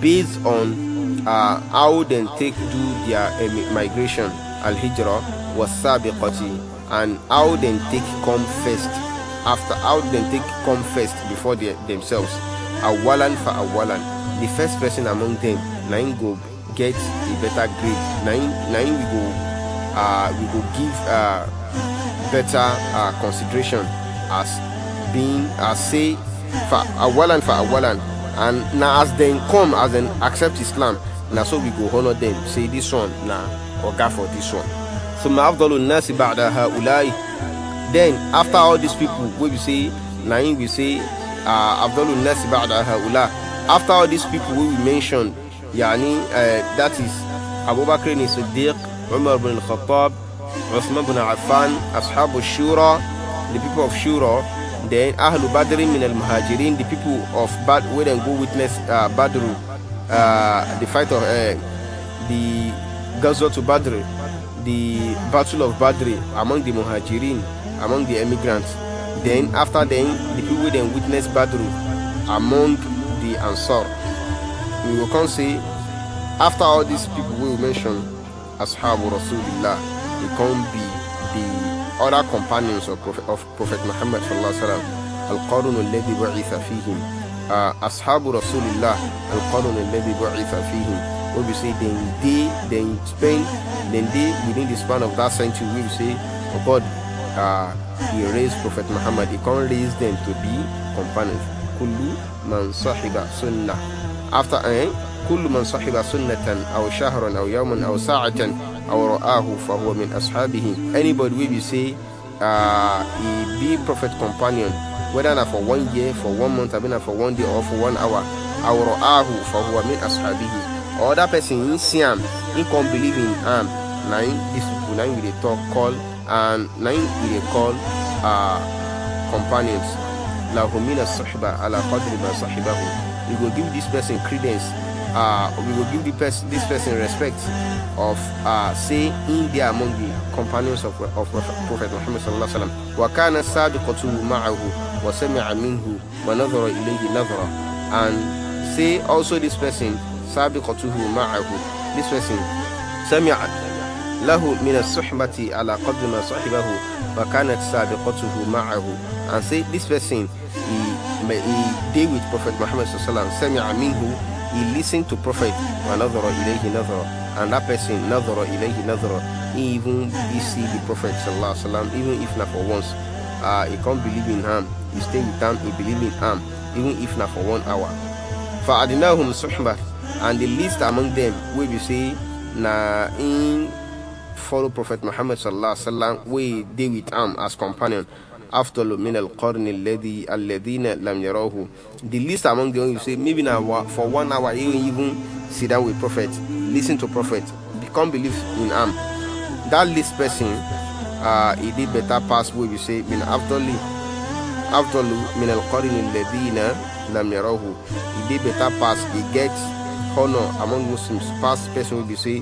based on uh, how they take do their uh, migration al-hijra was sabiqati and how they take come first after how they take come first before they, themselves awalan for awalan the first person among them nine go get a better grade nine nine we go uh, we go give uh, better uh, consideration as being as say for awalan for awalan and na as dem come as dem accept islam na so we go honour dem say dis one na oga for dis one summa afdalu nasi ba'da ulai. then after all these people wey be say na him we say uh, afdalu nasi ba'da ha'ula after all these people wey we mention yani uh, that is abubakar ibn siddiq umar ibn al-khattab usman ibn affan ashabu shura the people of shura Then Ahlul Badri min al-Muhajirin, the people of Bad, where they go witness uh, Badru, uh, the fight of uh, the Ghazwa to Badr, the battle of Badr among the Muhajirin, among the emigrants. Then after then, the people then witness Badr among the Ansar. We will come see. after all these people we will mention, Ashabu Rasulillah, they come be the other companions of Prophet, of Prophet Muhammad Al-Qarun al-Ladhi bu'itha fihim uh, Ashabu Rasulillah Al-Qarun al-Ladhi bu'itha fihim What we say, then they, then Spain, then they, within the span of that century, we say, oh God, uh, He raised Prophet Muhammad, He can't raise them to be companions. Kullu man sahiba sunnah. After, eh? Kullu man sahiba sunnatan, aw shahran, aw yawman, aw sa'atan, أو for فهو من أصحابه anybody will be say uh, he be prophet companion whether not for one year for one month or not for one day or for one hour أو رآه فهو من أصحابه or that person in see he can't believe in him nine is, na nine will they talk call and nine will they call uh, companions لهم من ala على قدر ما صحبه you go give this person credence uh, we will give this person respect of uh, say saying India among the companions of, Prophet Muhammad sallallahu alaihi wasallam. Wa kana sadiqatuhu ma'ahu wa sami'a minhu wa nadhara ilayhi nadhara. And say also this person sadiqatuhu ma'ahu. This person sami'a lahu min as-suhbati ala qadri ma sahibahu wa kanat sadiqatuhu ma'ahu. And say this person he, he, with Prophet Muhammad sallallahu alaihi wasallam sami'a minhu he listened to prophet and that person he even he see the prophet wasallam even if not for once uh, he can't believe in him he stay with him he believe in him even if not for one hour For فأدناهم صحبة and the least among them will be say na in follow prophet Muhammad sallallahu alaihi wasallam we deal with him as companion afdalu min al-qarni alladhi alladhina lam yarahu the least among the one you say maybe now for one hour you even sit down with prophet listen to prophet become believe in am that least person uh, he did better pass what you say min afdalu afdalu min al-qarni alladhina lam yarahu he did better pass he gets honor among muslims past person will be say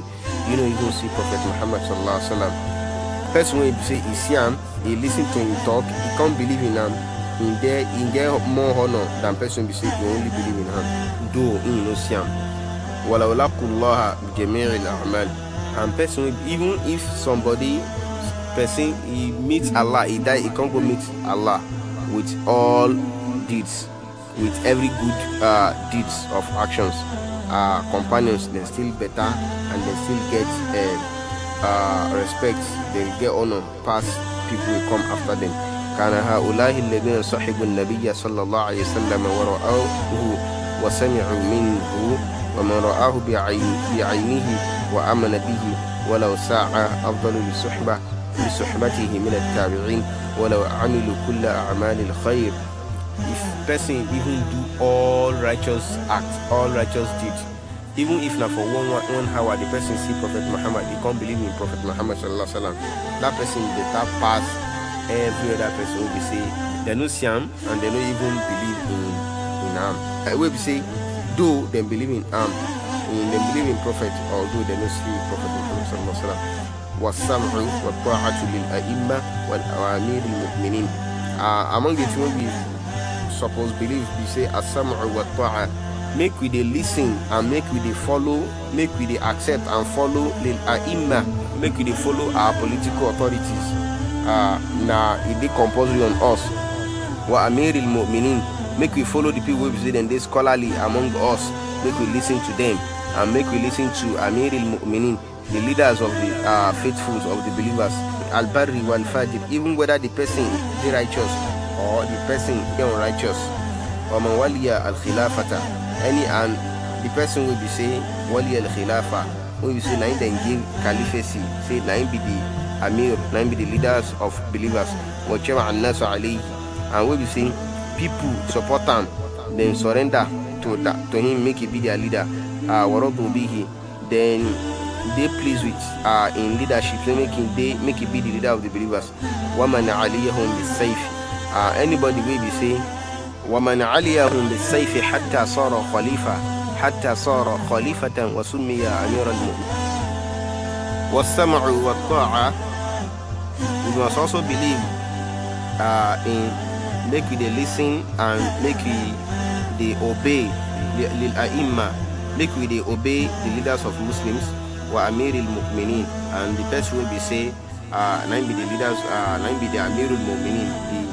you know you go see prophet muhammad sallallahu alaihi wasallam person wey be say he see am he lis ten to him talk he come believe in am him e get him e get more honour than person be say he only believe in am though he no see am walawulakullaha jamiil ahmal and person wey even if somebody person he meet allah he die he come go meet allah with all deeds with every good uh, deeds of actions uh, companions dem still better and dem still get. Uh, uh, respect they will get honor past people will come after them كان هؤلاء الذين صحبوا النبي صلى الله عليه وسلم ورأوه وسمعوا منه ومن رآه بعين بعينه وآمن به ولو ساعة أفضل لصحبة لصحبته من التابعين ولو عملوا كل أعمال الخير if person even do all righteous acts all righteous deeds even if now for one, one, one hour the person see prophet muhammad he can't believe in prophet muhammad sallallahu alaihi wasallam that person better past, every other person will be say they no see him and they no even believe in in him i will be say do they believe in him in they believe in prophet although they no see prophet muhammad sallallahu alaihi wasallam والسمع والطاعة للأئمة والأمير المؤمنين uh, among the two we suppose believe we say as-sam'u make we the listen and make we the follow make we the accept and follow the uh, aima make we the follow our political authorities now it be compulsory on us wa amiril mu'minin make we follow the people we see say they scholarly among us make we listen to them and make we listen to amiril mu'minin the leaders of the uh, faithfuls of the believers albarri wal fajir even whether the person is righteous or the person is unrighteous ومن ولي any and the person wey be say wali el khilafa wey be say na him dem give caliphacy say na him be the amir na him be the leaders of believers wachema annasu alayhi and wey be say people support am dem surrender to that to him make he be their leader Ah, uh, be bihi then dey pleased with uh, in leadership say make him dey make he be the leader of the believers waman aliyahum bisayf uh, anybody wey be say ومن عليهم بالسيف حتى صار خليفة حتى صار خليفة وسمي أمير المؤمنين والسمع والطاعة we must also believe uh, in make we dey listen and make we dey obey the a'imma make we dey obey the leaders of Muslims wa amiril mu'minin and the best way be say uh, nine be the leaders uh, nine be the amirul mu'minin the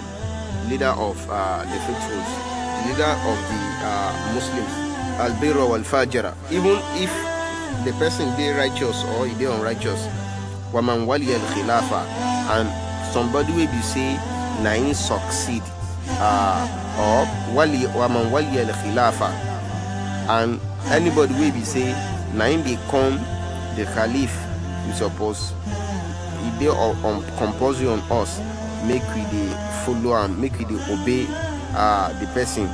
leader of uh, the faithfuls, leader of the uh, Muslims, al birra al-Fajr. Even if the person be righteous or he be unrighteous, waman wali al khilafa, and somebody will be say nine succeed, uh, or wali waman wali al khilafa, and anybody will be say nine become the caliph. You suppose he be on composing on us make we dey follow am make we dey obey uh, the person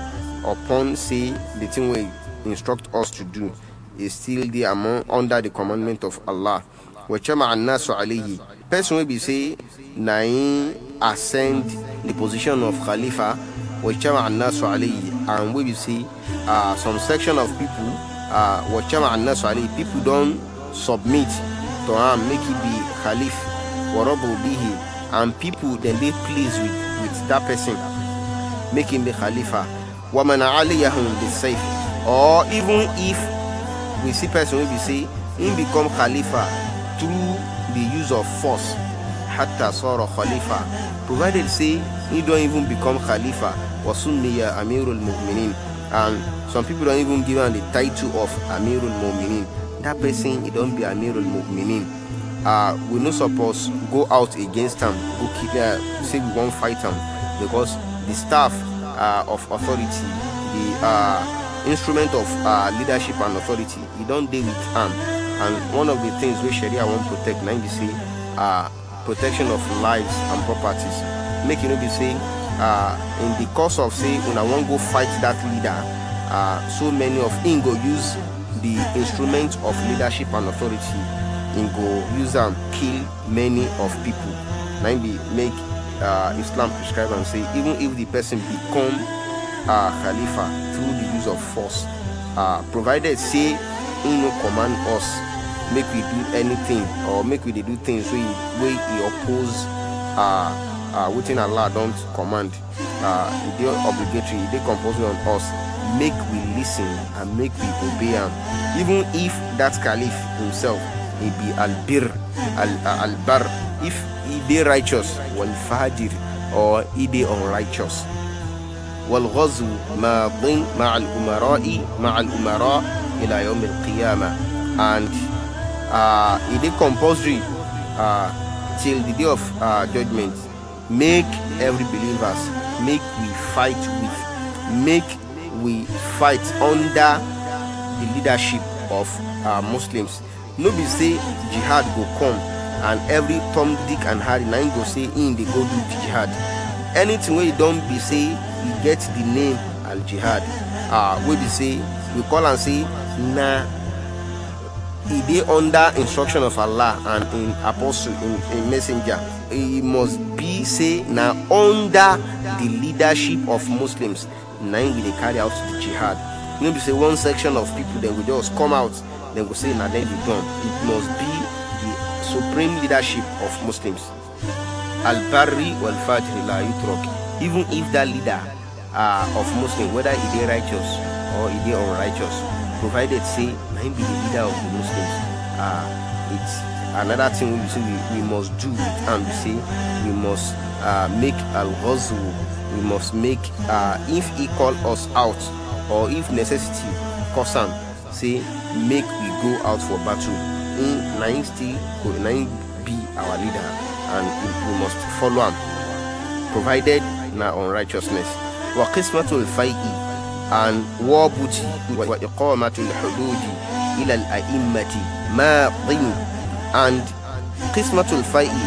upon say the thing wey instruct us to do is still dey among under the commandment of allah wechema anaso alayhi person wey be say na him ascend the position of khalifa wechema anaso alayhi and wey be say uh, some section of people uh, wechema anaso alayhi people don submit to am make he be khalif warabu bihi and people then they pleased with, with that person making the khalifa woman aliyahum be safe or even if we see person we say him become khalifa through the use of force hatta sara khalifa provided say he don't even become khalifa wasunniya amirul mu'minin and some people don't even give him the title of amirul mu'minin that person he don't be amirul mu'minin uh, we no suppose go out against them, go keep uh, say we won't fight them because the staff uh, of authority the uh, instrument of uh, leadership and authority don't deal with them. and one of the things wey sharia not protect na im say uh, protection of lives and properties make e no be say uh, in the course of say won't go fight that leader uh, so many of Ingo use the instrument of leadership and authority im go use am kill many of people. na im be make uh, islam prescribe am say even if the person become uh, khalifa through the use of force uh, provided say im no command us make we do anything or make we dey do things wey e oppose wetin allah don command e dey obligatory e dey compulsory on us make we listen and make we obey am even if that caliph himself he be al uh, al if he be righteous, wal-fajir, or he be unrighteous. والغزو ماض مع الأمراء مع الأمراء إلى يوم القيامة and uh, it is compulsory uh, till the day of uh, judgment make every believers make we fight with make we fight under the leadership of uh, Muslims no be say jihad go come and every tom dick and harry na go say in dey go do jihad anything wey don be say e get the name al jihad ah wey be say we call am say na e dey under instruction of allah and im apostle im messenger e must be say na under the leadership of muslims na im we dey carry out the jihad no be say one section of people dem go just come out Then will say, now then you done. It must be the supreme leadership of Muslims. Al Barri wal Fajr la yutrok. Even if that leader uh, of Muslim, whether he is righteous or he is unrighteous, provided say, now be the leader of the Muslims. Uh, it's another thing we say we, we must do it and we say we must uh, make al ghazw we must make uh, if he call us out or if necessity cause am say make we go out for battle him na him be our leader and we must follow him? provided na unrighteousness. wa qismatu al-fai'i and war booty wa iqamatu al-hududi ila al-a'immati qin and qismatu al-fai'i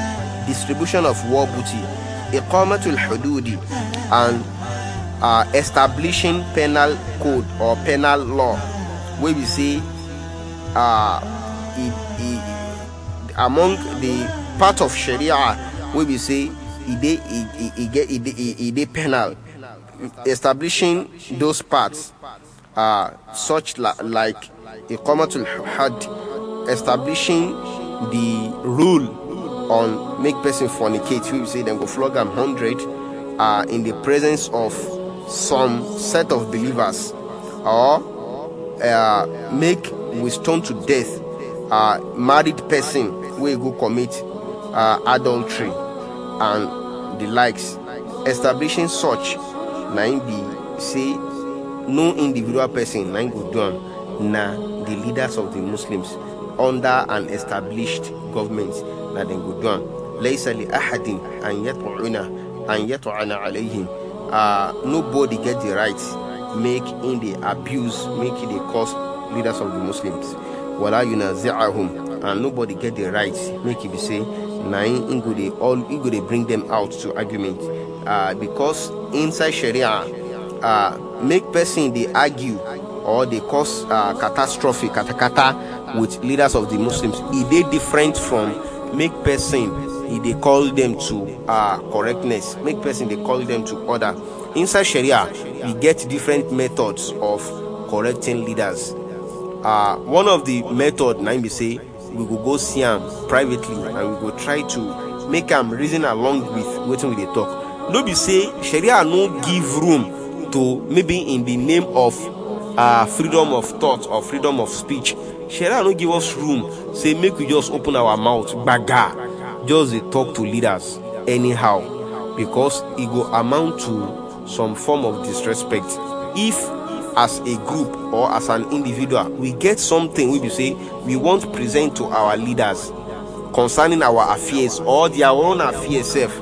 distribution of war booty iqamatu al-hududi and uh, establishing penal code or penal law where we say uh, it, it, among the part of Sharia where we say it they it, it, get it, it, it penal establishing those parts uh, such la, like iqamatul had establishing the rule on make person fornicate we say then go flog him 100 uh, in the presence of some set of believers or uh, make We stone to death a married person wey go commit uh, adultery and the likes establishing such na im be say no individual person na go do am na the leaders of the muslims under an established government na dem go do am laisa li ahadin an yat'una an yat'ana alayhim uh, nobody get the right make im dey abuse make e dey cause leaders of the Muslims. Wala yunazi'ahum. And nobody get the right. Make it be say, nine ingode all ingode bring them out to argument. Uh, because inside Sharia, uh, make person they argue or they cause uh, catastrophe, katakata with leaders of the Muslims. Is they different from make person they call them to uh, correctness, make person they call them to order. Inside Sharia, we get different methods of correcting leaders. uh, one of the method na be say we go go see am privately and we go try to make am reason along with wetin we dey talk no be say sharia no give room to maybe in the name of uh, freedom of thought or freedom of speech sharia no give us room say make we just open our mouth gbaga just dey talk to leaders anyhow because e go amount to some form of disrespect if as a group or as an individual we get something we be say we want to present to our leaders concerning our affairs or their own affairs self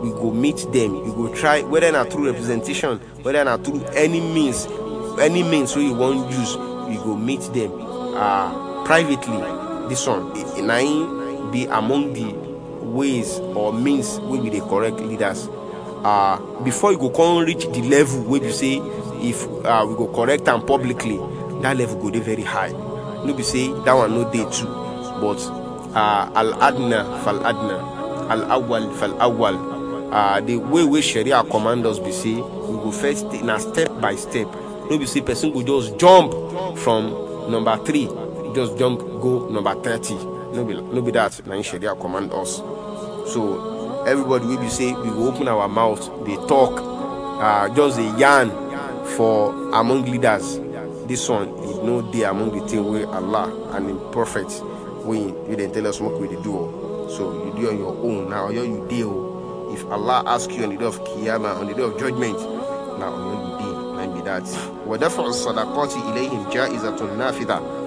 we go meet them you go try whether na through representation whether na through any means any means we want wan use We go meet them uh, privately this one na be among the ways or means will be the correct leaders uh, before you go come reach the level wey be say if uh, we go correct am publicly that level go dey very high no be say that one no dey too but uh, al adna fal adna al awal fal awal uh, the way wey sharia command us be say we go first na step by step no be say person go just jump from number three just jump go number thirty no be no be that na im sharia command us so everybody will be say we will open our mouth they talk uh, just a yarn for among leaders this one is no day among the thing where allah and the prophets when you didn't tell us what we do so you do on your own now you deal oh. if allah asks you on the day of qiyamah on the day of judgment now on your day maybe that وَدَفْعُ الصَّدَقَاتِ إِلَيْهِمْ جَائِزَةٌ نَافِذَةٌ